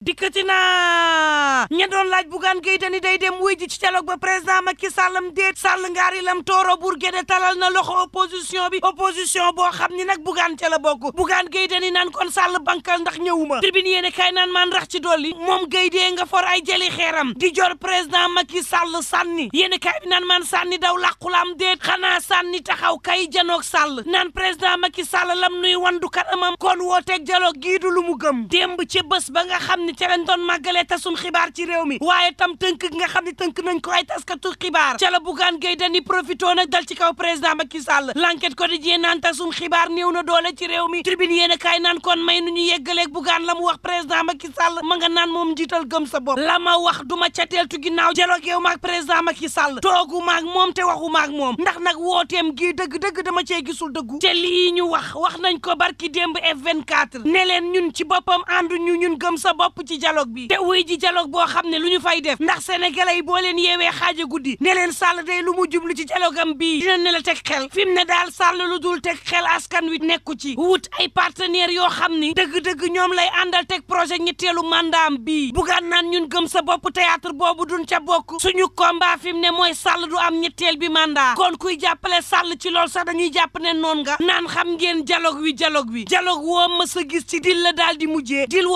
dikkati naa ña doon laaj Bougane Gueye Dany day dem wuy ci dialogue ba président Macky Sallam déet Sall ngaari lam tooro bur géde talal na loxo opposition bi opposition boo xam ni nag Bougane ca la bokk Bougane Gueye Dany naan kon Sall bankal ndax ñëwuma tribune yéene kay naan maan rax ci dolli moom Gueye dee nga for ay jëli xeeram di jor président Macky Sall sànni yéene kay bi naan maan sànni daw làqulaam déet xanaa sànni taxaw kay janoog Sall naan président Macky Sall lam nuy wandu kanamam kon wooteeg dialogue gii du lu mu gëm démb ca bés ba nga ni ca lañ doon màggalee tasum xibaar ci réew mi waaye tam tënk nga xam ne tënk nañ ko ay taskatu xibaar ca la Bougane Gueye Dany profité nag dal ci kaw président Macky Sall l'enquête quotidien naan tasum xibaar néew na doole ci réew mi tribune yéen a kaay naan kon may nu ñu yeggaleeg Bougane la mu wax président Macky Sall ma nga naan moom njiital gëm sa bopp la ma wax du ma cateeltu ginnaaw jëloog yow maag président Macky Sall toogu maag moom te waxu maag moom ndax nag wooteem gii dëgg-dëgg dama cee gisul dëggu te lii ñu wax wax nañ ko barki démb F24 ne leen ñun ci boppam àndu ñun gëm sa bopp jàpp ci dialogue bi te wuy ji dialogue boo xam ne lu ñu fay def ndax sénégalais yi boo leen yeewee xaaja guddi ne leen sàll lu mu jublu ci dialogue am bii dina ne la teg xel fi mu ne daal sàll lu dul teg xel askan wi nekku ci wut ay partenaires yoo xam ni dëgg-dëgg ñoom lay àndal teg projet ñetteelu mandat am bii bugaan naan ñun gëm sa bopp théâtre boobu dun ca bokk suñu combat fi mu ne mooy sàll du am ñeteel bi mandat kon kuy jàppale sàll ci lool sax dañuy jàpp ne noon nga naan xam ngeen dialogue wi dialogue wi dialogue woo mës gis ci dil la daal di mujjee dil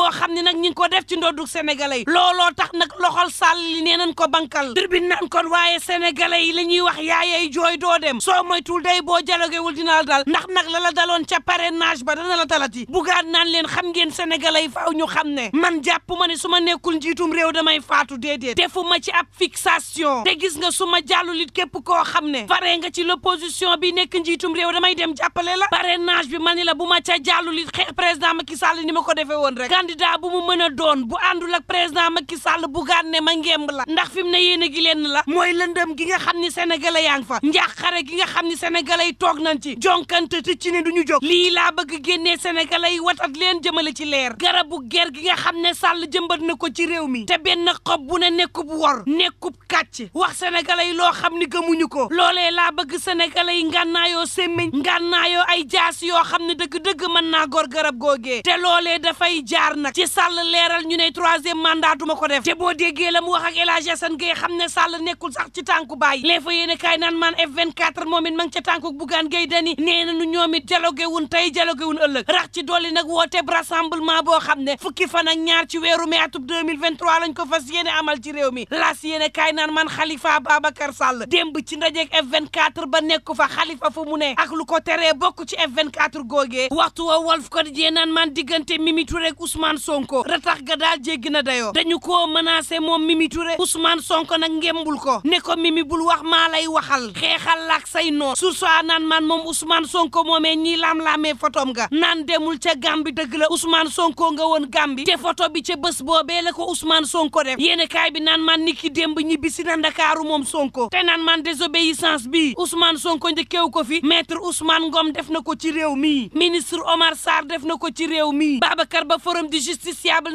def ci ndoddu sénégalais yi looloo tax nag loxol sàll li nee nañ ko bankal dër bi naan kon waaye sénégalais yi la ñuy wax yaayay jooy doo dem soo moytul day boo jalogewul dina la dal ndax nag la la daloon ca parrainage ba dana la talati bugaat naan leen xam ngeen sénégalais yi faaw ñu xam ne man jàpp ma ne su nekkul njiitum réew may faatu déedéet defu ma ci ab fixation te gis nga su ma jàllu lit képp koo xam ne fare nga ci l'opposition bi nekk njiitum réew damay dem jàppale la parrainage bi ma ni la bu ma ca jàllu lit xeex président Macky Sall ma ko defee doon bu àndul ak président Macky Sall bugaan ne ma ngemb la ndax fi mu ne yéen gi lenn la mooy lëndëm gi nga xam ni sénégalais yaa ngi fa njaaxare gi nga xam ni sénégalais yi toog nañ ci jonkante te ci ne du ñu jóg lii laa bëgg génnee sénégalais yi watat leen jëmale ci leer garabu ger gi nga xam ne Sall jëmbat na ko ci réew mi te benn xob bu ne nekkub wor nekkub kàcc wax sénégalais yi loo xam ni gëmuñu ko loole laa bëgg sénégalais yi ngànnaayoo semmiñ ngànnaayoo ay jaas yoo xam ne dëgg-dëgg mën naa gor garab googee te loolee dafay jaar nag ci Sall leer leeral ñu ne troisième mandat duma ko def boo déggee la mu wax ak El xam ne Sall nekkul sax ci tànku bàyyi les fa yéene kaay naan maan F24 moom it ma ngi ca tànku Bougane Gueye Dany nee nañu ñoom it dialogue wun tey dialogue wun ëllëg rax ci dolli nag woote rassemblement boo xam ne fukki fan ñaar ci weeru mai atub 2023 lañ ko fas yéene amal ci réew mi las yéene kaay naan man Khalifa Babacar Sall demb ci ndajeeg F24 ba nekk fa Khalifa fu mu ne ak lu ko teree bokk ci F24 googee waxtu wa Walf Quotidien naan man diggante Mimi Touré ak Ousmane Sonko ratax wax ga daal jéggi na dayoo dañu koo menacé moom Mimi Touré Ousmane Sonko nag ngembul ko ne ko Mimi bul wax maa lay waxal xeexal laak say noon su soi naan man moom Ousmane Sonko moomee ñii laam-laamee fotom ga naan demul ca Gàmbi dëgg la Ousmane Sonko nga woon Gàmbi te photo bi ca bés boobee la ko Ousmane Sonko def yéene kaay bi naan man niki démb ñibbi si na Ndakaaru moom Sonko te naan man désobéissance bi Ousmane Sonko njëkkeew ko fi maître Ousmane Ngom def na ko ci rew mi ministre Omar Sarr def na ko ci réew mi Babacar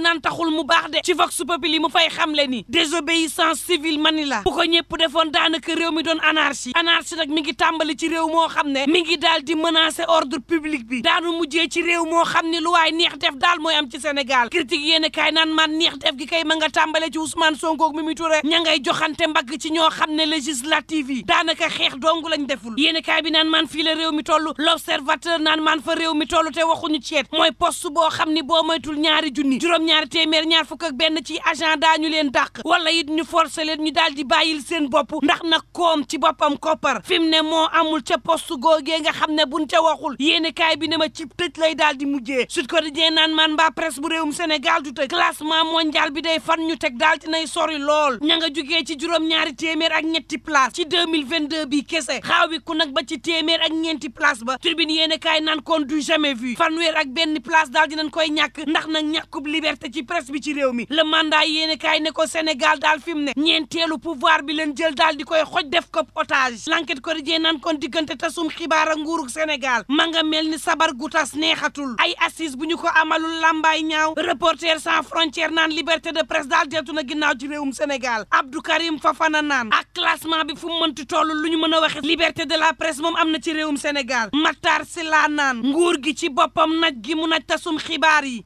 naan taxul mu baax de ci vox populi mu fay xamle ni désobéissance civile mani la bu ko ñëpp defoon daanaka réew mi doon anarchie anarchie nag mi ngi tàmbali ci réew moo xam ne mi ngi daal di menacer ordre public bi daanu mujjee ci réew moo xam ne lu waay neex def daal mooy am ci Sénégal critique yéen kaay naan man neex def gi kay ma nga tàmbale ci Ousmane Sonko ak Mimi Touré ña ngay joxante mbagg ci ñoo xam ne législative yi daanaka xeex dong lañ deful yéen kaay bi naan man fii la réew mi toll l'observateur naan man fa réew mi toll te waxuñu ceet mooy poste boo xam ni boo moytul ñaari junni juróom ñaari téeméer ñaar fukk ak benn ci agent daañu leen dàq wala it ñu forcé leen ñu daal di bàyyil seen bopp ndax nag koom ci boppam koppar fi mu ne moo amul ca poste googee nga xam ne buñ ca waxul yéene kaay bi ne ma ci tëj lay daal di mujjee Sud Quotidien naan man baa presse bu réewum Sénégal du tëj classement mondial bi day fan ñu teg daal di nay sori lool ña nga jugee ci juróom-ñaari téeméer ak ñetti place ci 2022 bi kese xaaw bi ku nag ba ci téeméer ak ñeenti place ba tribune yéene kaay naan kon du jamais vu fanweer ak benn place daal dinañ koy ñàkk ndax nag ñàkkub liberté liberté ci presse bi ci réew mi le mandat yéene kaay ne ko Sénégal daal fi mu ne ñeenteelu pouvoir bi leen jël daal di koy xoj def ko otage l'enquête quotidien naan kon diggante tasum xibaar ak nguurug Sénégal ma nga mel ni sabar gu tas neexatul ay assise bu ñu ko amalul làmbaay ñaaw reporter sans frontière naan liberté de presse daal deltu na ginnaaw ci réewum Sénégal Abdou Karim Fafana naan ak classement bi fu mu mënti toll lu ñu mën a waxe liberté de la presse moom am na ci réewum Sénégal Matar Sylla naan nguur gi ci boppam naj gi mu naj tasum xibaar yi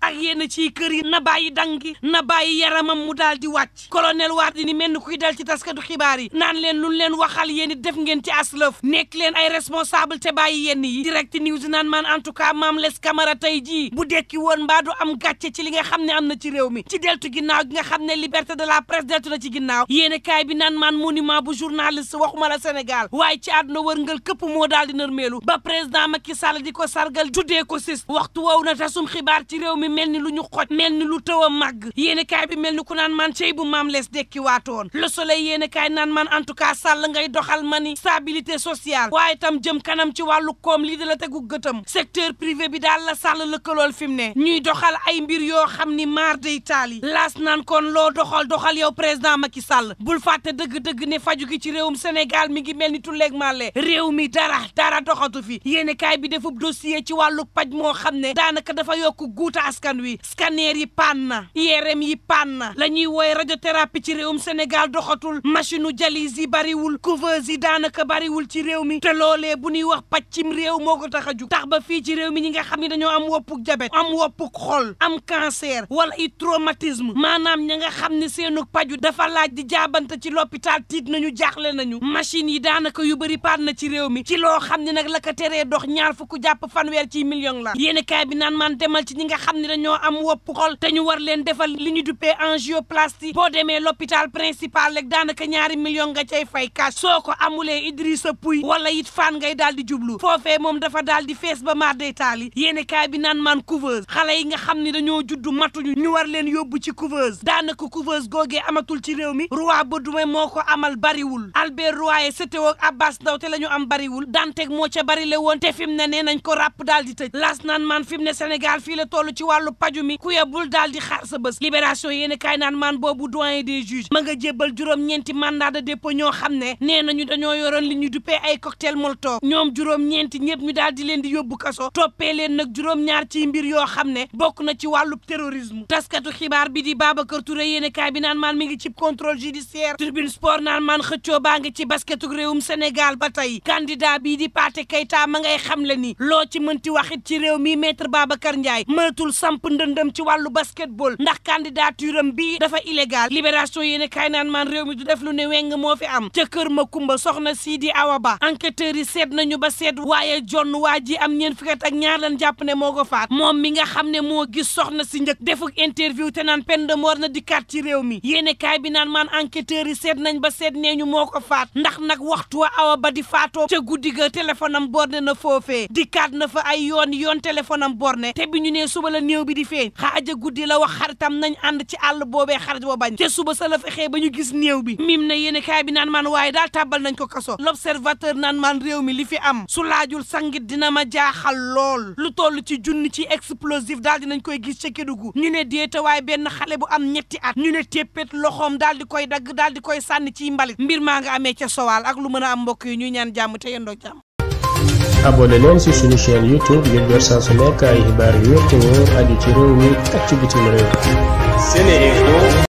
bàyyi dangi na bàyyi yaramam mu daal di wàcc colonel Wardini mel ni kuy dal ci taskatu xibaar yi naan leen luñ leen waxal yéen it def ngeen ci aslëf nekk leen ay responsable te bàyyi yenn yi direct news naan man en tout cas maam les Camara tey jii bu dekki woon mbaa du am gàcce ci li nga xam ne am na ci réew mi ci deltu ginnaaw gi nga xam ne liberté de la presse deltu na ci ginnaaw yéen kaay bi naan maan monument bu journaliste waxuma la Sénégal waaye ci àdduna wërngal këpp moo daal di nërmeelu ba président Macky Sall di ko sargal tuddee ko sis waxtu woow na tasum xibaar ci réew mi mel ni lu ñu xoj mel ni lu taw a màgg yéene kaay bi mel ni ku naan man cey bu maam lees dekki waatoon le soleil yéene kaay naan man en tout cas sàll ngay doxal ma ni stabilité sociale waaye tam jëm kanam ci wàllu koom lii da la tegu gëtam secteur privé bi daal la sall lëkkalool fi mu ne ñuy doxal ay mbir yoo xam ni maar day taal yi laas naan kon loo doxal doxal yow président Macky Sall bul fàtte dëgg-dëgg ne faju gi ci réewum Sénégal mi ngi mel ni tulleeg male réew mi dara dara doxatu fi yéene bi defub dossier ci wàllu paj moo xam ne daanaka dafa yokk guuta askan wi scanner yi paan na IRM yi paan na la ñuy wooye radiothérapie ci réewum Sénégal doxatul machine u dialyse yi bariwul couveuse yi daanaka bariwul ci réew mi te loolee bu ñuy wax pàccim réew moo ko tax a jug tax ba fii ci réew mi ñi nga xam ni dañoo am woppuk diabète am woppuk xol am cancer wala i traumatisme maanaam ña nga xam ne seenu paju dafa laaj di jaabante ci l'hôpital tiit nañu jaaxle nañu machine yi daanaka yu bëri paan na ci réew mi ci loo xam ne nag la ko dox ñaar fukk jàpp fanweer ci million la yéen kaay bi naan ci ñi nga xam ne dañoo am wopp ñu war leen defal li ñu duppee angioplastie boo demee l'hôpital principal rek daanaka ñaari million nga cay fay cash soo ko amulee Idrissa Pouy wala it fan ngay daal di jublu foofee moom dafa daal di fees ba maar day taali yéene kaay bi naan man couveuse xale yi nga xam ni dañoo juddu matuñu ñu war leen yóbbu ci couveuse daanaka couveuse googee amatul ci réew mi roi Baudouin moo ko amal bariwul Albert Royer Sétéo ak Abbas Ndao te lañu am bariwul Dantec moo ca bari le te fi mu ne nee nañ ko ràpp daal di tëj las naan man fi mu ne Sénégal fii la toll ci wàllu paju mi daal di xaar sa bés libération yéen kaay naan maan boobu doyen des juges ma jébbal juróom-ñeenti mandat de dépôt ne nee nañu dañoo yoroon li ñu duppee ay cocktail molotov ñoom juróom-ñeenti ñëpp ñu daal di leen di yóbbu kaso toppee leen nag juróom-ñaar ci mbir yoo xam ne bokk na ci wàllu terrorisme taskatu xibaar bi di Babacar Touré yéen kaay bi naan maan mi ngi ci contrôle judiciaire tribune sport naan maan xëccoo baa ngi ci basketu réewum Sénégal ba tey ma ngay xam le loo ci mënti waxit ci réew mi maître Babacar Ndiaye mënatul samp ndëndëm ci wàllu bas basketball ndax candidature am bii dafa illégal libération yéen kay naan maan réew mi du def lu ne weng moo fi am ca kër ma kumba soxna Sidi Awa Ba enquêteurs yi seet nañu ba seet waaye jonn waa ji am ñeen fukki at ak ñaar lan jàpp ne moo ko faat moom mi nga xam ne moo gis soxna si njëkk defuk interview te naan peine de mort na dikkaat ci réew mi yéene kaay bi naan maan enquêteurs yi seet nañ ba seet nee ñu moo ko faat ndax nag waxtu wa awa ba di faatoo ca guddi ga téléphone am borne na foofee di na fa ay yoon yoon téléphone am borne te bi ñu nee suba la néew bi di di la wax xaritam nañu ànd ci àll boobee xarit boo suba sa la fexee ba ñu gis néew bi mim na yéene kaay bi naan maan waaye daal tàbbal nañ ko kaso l'observateur naan maan réew mi li fi am su laajul sangit dina ma jaaxal lool lu toll ci junni ci explosif daal dinañ koy gis ca Kédougou ñu ne waaye benn xale bu am ñetti at ñu ne téppét loxoom daal di koy dagg daal di koy sànni ci mbalit mbir maa nga amee ca sowaal ak lu mën a am mbokk yi ñuy ñaan jàmm te yendoo jàmm abonné leen ci suñu chaîne YouTube ngir jot saa ay xibaar yu wér te wóor aju ci réew mi ak ci bitim